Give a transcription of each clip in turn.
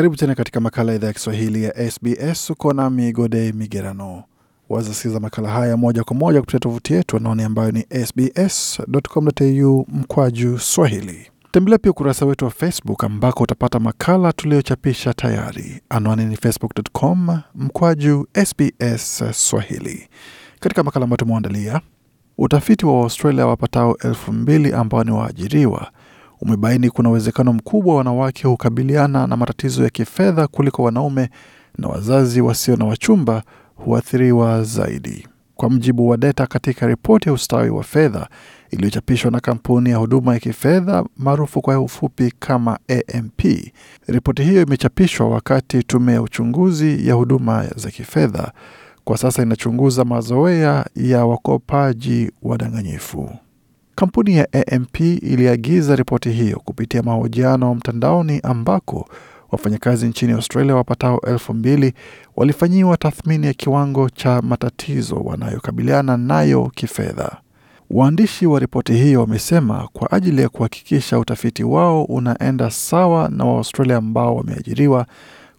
Karibu tena katika makala idhaa ya Kiswahili ya SBS. Uko nami Gode Migerano. Wazasikiza makala haya moja kwa moja kupitia tovuti yetu anaoni ambayo ni sbs.com.au mkwaju swahili. Tembelea pia ukurasa wetu wa Facebook ambako utapata makala tuliyochapisha tayari. Anwani ni facebook.com mkwaju sbs swahili. Katika makala ambayo tumeandalia, utafiti wa Waustralia wapatao elfu mbili ambao ni waajiriwa umebaini kuna uwezekano mkubwa wanawake hukabiliana na matatizo ya kifedha kuliko wanaume na wazazi wasio na wachumba huathiriwa zaidi. Kwa mjibu wa data katika ripoti ya ustawi wa fedha iliyochapishwa na kampuni ya huduma ya kifedha maarufu kwa ufupi kama AMP. Ripoti hiyo imechapishwa wakati tume ya uchunguzi ya huduma za kifedha kwa sasa inachunguza mazoea ya wakopaji wadanganyifu. Kampuni ya AMP iliagiza ripoti hiyo kupitia mahojiano mtandaoni ambako wafanyakazi nchini Australia wapatao elfu mbili walifanyiwa tathmini ya kiwango cha matatizo wanayokabiliana nayo kifedha. Waandishi wa ripoti hiyo wamesema kwa ajili ya kuhakikisha utafiti wao unaenda sawa na Waaustralia ambao wameajiriwa,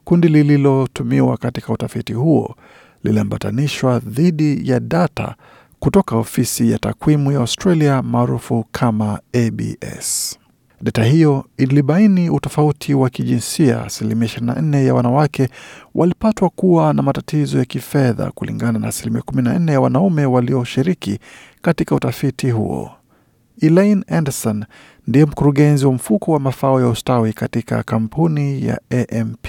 kundi lililotumiwa katika utafiti huo liliambatanishwa dhidi ya data kutoka ofisi ya takwimu ya Australia maarufu kama ABS. Data hiyo ilibaini utofauti wa kijinsia. Asilimia 24 ya wanawake walipatwa kuwa na matatizo ya kifedha kulingana na asilimia 14 ya wanaume walioshiriki katika utafiti huo. Elaine Anderson ndiye mkurugenzi wa mfuko wa mafao ya ustawi katika kampuni ya AMP.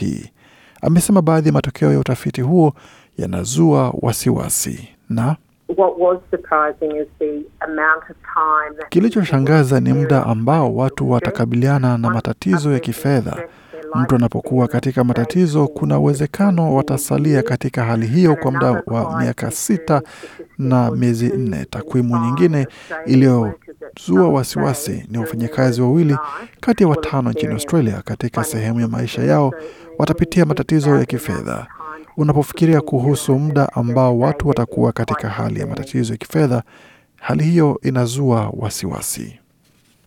Amesema baadhi ya matokeo ya utafiti huo yanazua wasiwasi na Kilichoshangaza ni muda ambao watu watakabiliana na matatizo ya kifedha. Mtu anapokuwa katika matatizo, kuna uwezekano watasalia katika hali hiyo kwa muda wa miaka sita na miezi nne. Takwimu nyingine iliyozua wasiwasi ni wafanyakazi wawili kati ya watano nchini Australia katika sehemu ya maisha yao watapitia matatizo ya kifedha. Unapofikiria kuhusu muda ambao watu watakuwa katika hali ya matatizo ya kifedha, hali hiyo inazua wasiwasi.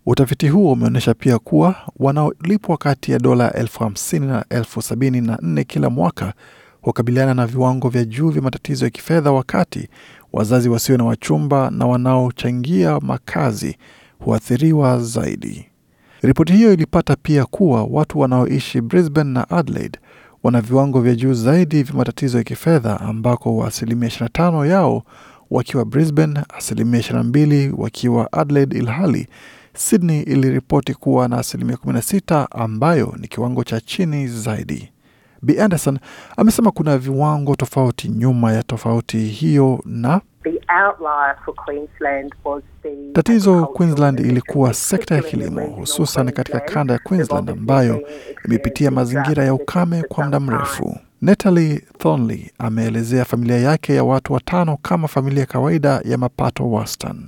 Utafiti huo umeonyesha pia kuwa wanaolipwa kati ya dola elfu hamsini na elfu sabini na nne kila mwaka hukabiliana na viwango vya juu vya matatizo ya kifedha, wakati wazazi wasio na wachumba na wanaochangia makazi huathiriwa zaidi. Ripoti hiyo ilipata pia kuwa watu wanaoishi Brisbane na Adelaide wana viwango vya juu zaidi vya matatizo ya kifedha ambako asilimia 25 yao wakiwa Brisbane, asilimia 22 wakiwa Adelaide, ilhali Sydney iliripoti kuwa na asilimia 16 ambayo ni kiwango cha chini zaidi. B Anderson amesema kuna viwango tofauti nyuma ya tofauti hiyo na Tatizo Queensland ilikuwa sekta ya kilimo, hususan katika kanda ya Queensland ambayo imepitia mazingira ya ukame kwa muda mrefu. Natalie Thornley ameelezea familia yake ya watu watano kama familia kawaida ya mapato wastani.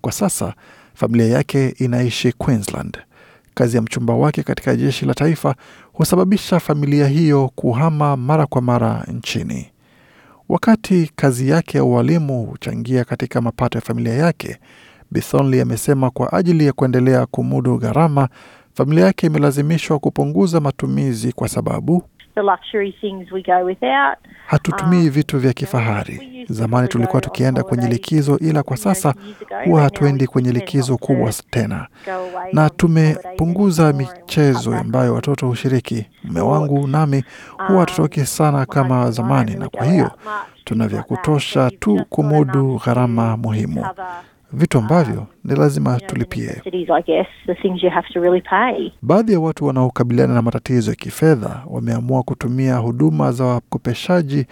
Kwa sasa familia yake inaishi Queensland. Kazi ya mchumba wake katika jeshi la taifa husababisha familia hiyo kuhama mara kwa mara nchini. Wakati kazi yake ya ualimu huchangia katika mapato ya familia yake, bithonly amesema kwa ajili ya kuendelea kumudu gharama, familia yake imelazimishwa kupunguza matumizi kwa sababu the luxury things we go without. Hatutumii um, vitu vya kifahari. Zamani tulikuwa tukienda kwenye likizo, ila kwa sasa huwa hatuendi kwenye likizo kubwa tena, na tumepunguza michezo ambayo watoto hushiriki. Mume wangu nami huwa um, hatutoki sana kama zamani, na kwa hiyo tuna vya kutosha tu kumudu gharama muhimu vitu ambavyo ni lazima tulipie. Baadhi ya watu wanaokabiliana na matatizo ya kifedha wameamua kutumia huduma za wakopeshaji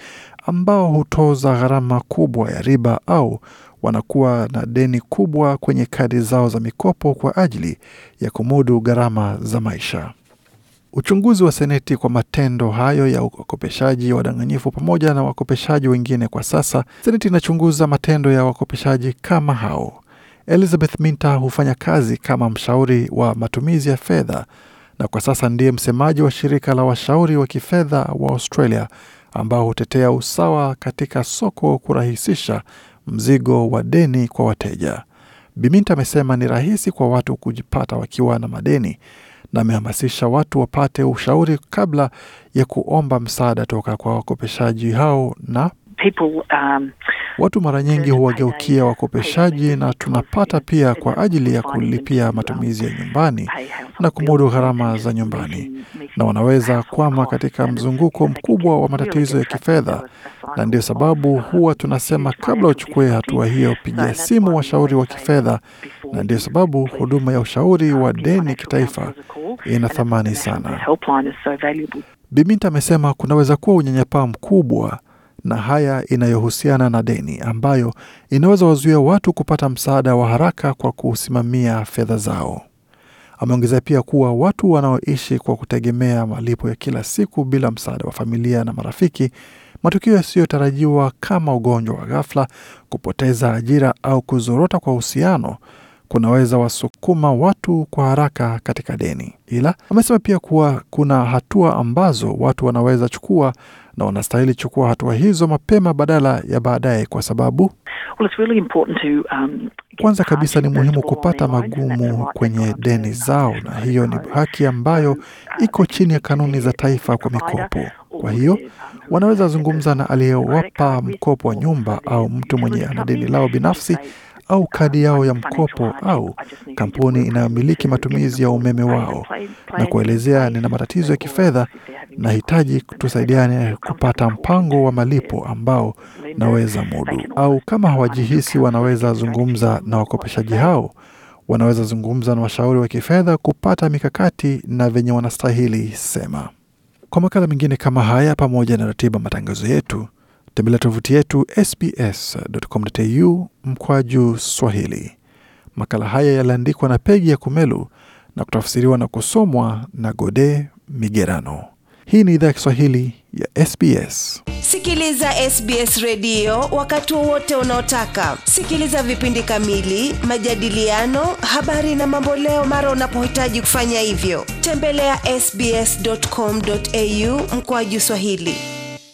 ambao hutoza gharama kubwa ya riba au wanakuwa na deni kubwa kwenye kadi zao za mikopo kwa ajili ya kumudu gharama za maisha. Uchunguzi wa Seneti kwa matendo hayo ya wakopeshaji wadanganyifu pamoja na wakopeshaji wengine. Kwa sasa Seneti inachunguza matendo ya wakopeshaji kama hao. Elizabeth Minta hufanya kazi kama mshauri wa matumizi ya fedha na kwa sasa ndiye msemaji wa shirika la washauri wa kifedha wa Australia ambao hutetea usawa katika soko kurahisisha mzigo wa deni kwa wateja. Biminta amesema ni rahisi kwa watu kujipata wakiwa na madeni na amehamasisha watu wapate ushauri kabla ya kuomba msaada toka kwa wakopeshaji hao na People, um, watu mara nyingi huwageukia wakopeshaji na tunapata pia kwa ajili ya kulipia matumizi ya nyumbani na kumudu gharama za nyumbani, na wanaweza kwama katika mzunguko mkubwa wa matatizo ya kifedha, na ndio sababu huwa tunasema kabla uchukue hatua hiyo, pigia simu washauri wa kifedha na ndiyo sababu huduma ya ushauri wa deni kitaifa ina thamani sana. Biminta amesema kunaweza kuwa unyanyapaa mkubwa na haya inayohusiana na deni ambayo inaweza wazuia watu kupata msaada wa haraka kwa kusimamia fedha zao. Ameongezea pia kuwa watu wanaoishi kwa kutegemea malipo ya kila siku bila msaada wa familia na marafiki, matukio yasiyotarajiwa kama ugonjwa wa ghafla, kupoteza ajira au kuzorota kwa uhusiano kunaweza wasukuma watu kwa haraka katika deni, ila amesema pia kuwa kuna hatua ambazo watu wanaweza chukua na wanastahili chukua hatua hizo mapema badala ya baadaye, kwa sababu well, really um, kwanza kabisa ni muhimu kupata magumu kwenye deni zao, na hiyo ni haki ambayo um, uh, iko chini ya kanuni za taifa kwa mikopo. Kwa hiyo um, wanaweza zungumza na aliyewapa mkopo wa nyumba au mtu mwenye ana deni lao binafsi au kadi yao ya mkopo au kampuni inayomiliki matumizi ya umeme wao na kuelezea nina matatizo ya kifedha, nahitaji tusaidiane kupata mpango wa malipo ambao naweza mudu. Au kama hawajihisi wanaweza zungumza na wakopeshaji hao, wanaweza zungumza na washauri wa kifedha kupata mikakati na venye wanastahili sema. Kwa makala mengine kama haya, pamoja na ratiba matangazo yetu Tembelea tovuti yetu sbs.com.au mkwaju Swahili. Makala haya yaliandikwa na Pegi ya Kumelu na kutafsiriwa na kusomwa na Gode Migerano. Hii ni idhaa ya Kiswahili ya SBS. Sikiliza SBS redio wakati wowote unaotaka. Sikiliza vipindi kamili, majadiliano, habari na mamboleo mara unapohitaji kufanya hivyo. Tembelea ya sbs.com.au juu Swahili.